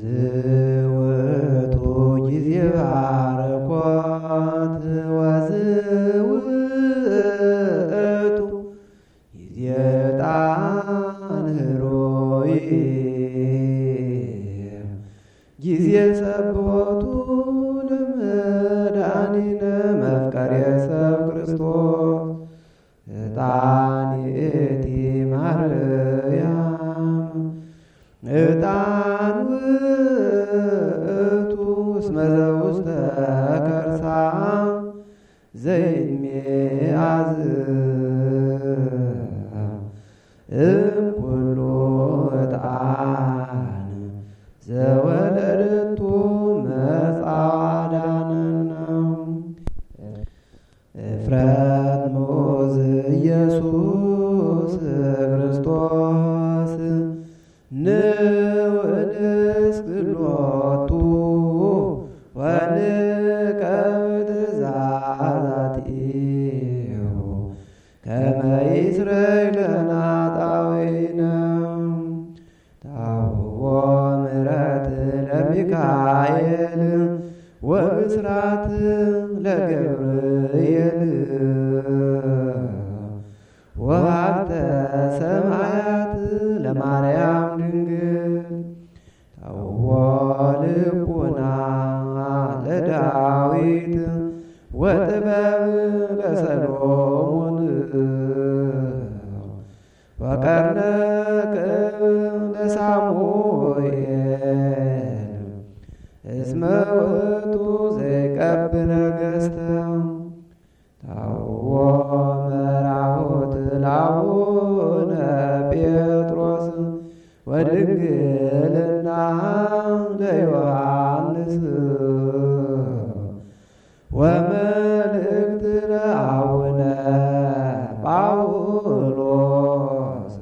ዝውቱ ጊዜ ባርኮት ወዝውእቱ ጊዜ ዕጣን ውእቱ እስመ ዘውስተ ከርሳ ዘይሜአዝ ንውእድስክሎቱ ወንቀብድ ዛዛቲሁ ከመ ይስረይ ለነ ኃጣውኢነ ታውቦ ለሚካኤል ወብስራት ለገብርኤል ወሀብተ ሰማይ ለማርያም ድንግል ታውሖ ልቡና ለዳዊት ወጥበብ ለሰሎሞን ወቀርነ ክብር ለሳሙኤል እስመ ውእቱ ዘይቀብ ነገሥተ መራሁት ወድንግልና ለዮሐንስ ወመልእክት ለአቡነ ጳውሎስ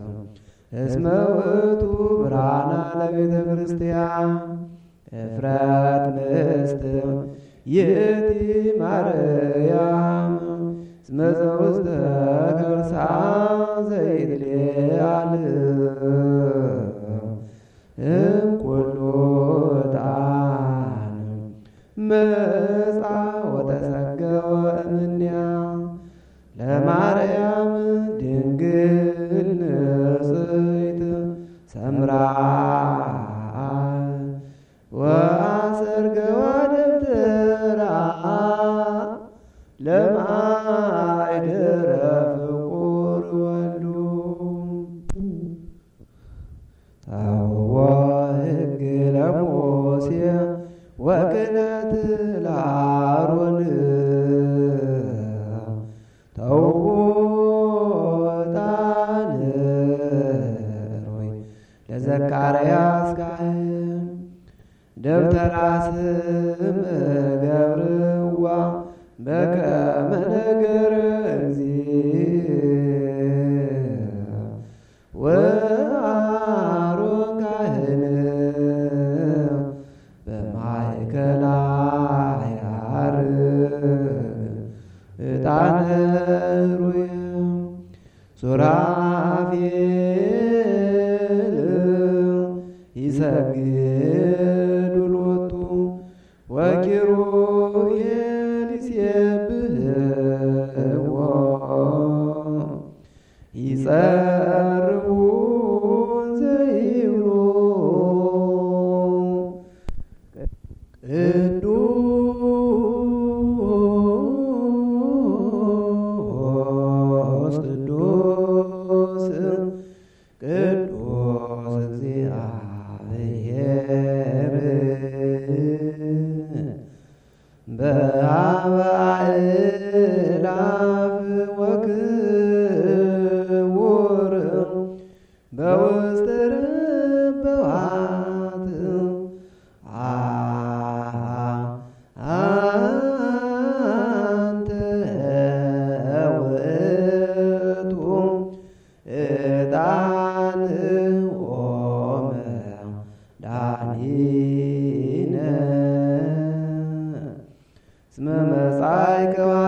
እስመ ውእቱ ብርሃነ ለቤተ ክርስቲያን እፍረት ምስት ይእቲ ማርያም መዘውስተ ከርሳ ዘይትልአል እንኩሉ መጻ ወተሰገወ ለማርያም ድንግል ንጽሕት ሰምራ ለማእድረ ፍቁር ወሉ ታወ ሕግ ለሙሴ ወቅነት ለአሮን ተውጣን ካህን ሱራፌል ይሰግድ ውሎቱ ወኪሩቤል ይሴብሕዎ በውስጥ ርብዋት አንተ ውእቱ ዕጣን ሆመ ዳኒነ ስመ መጻእከ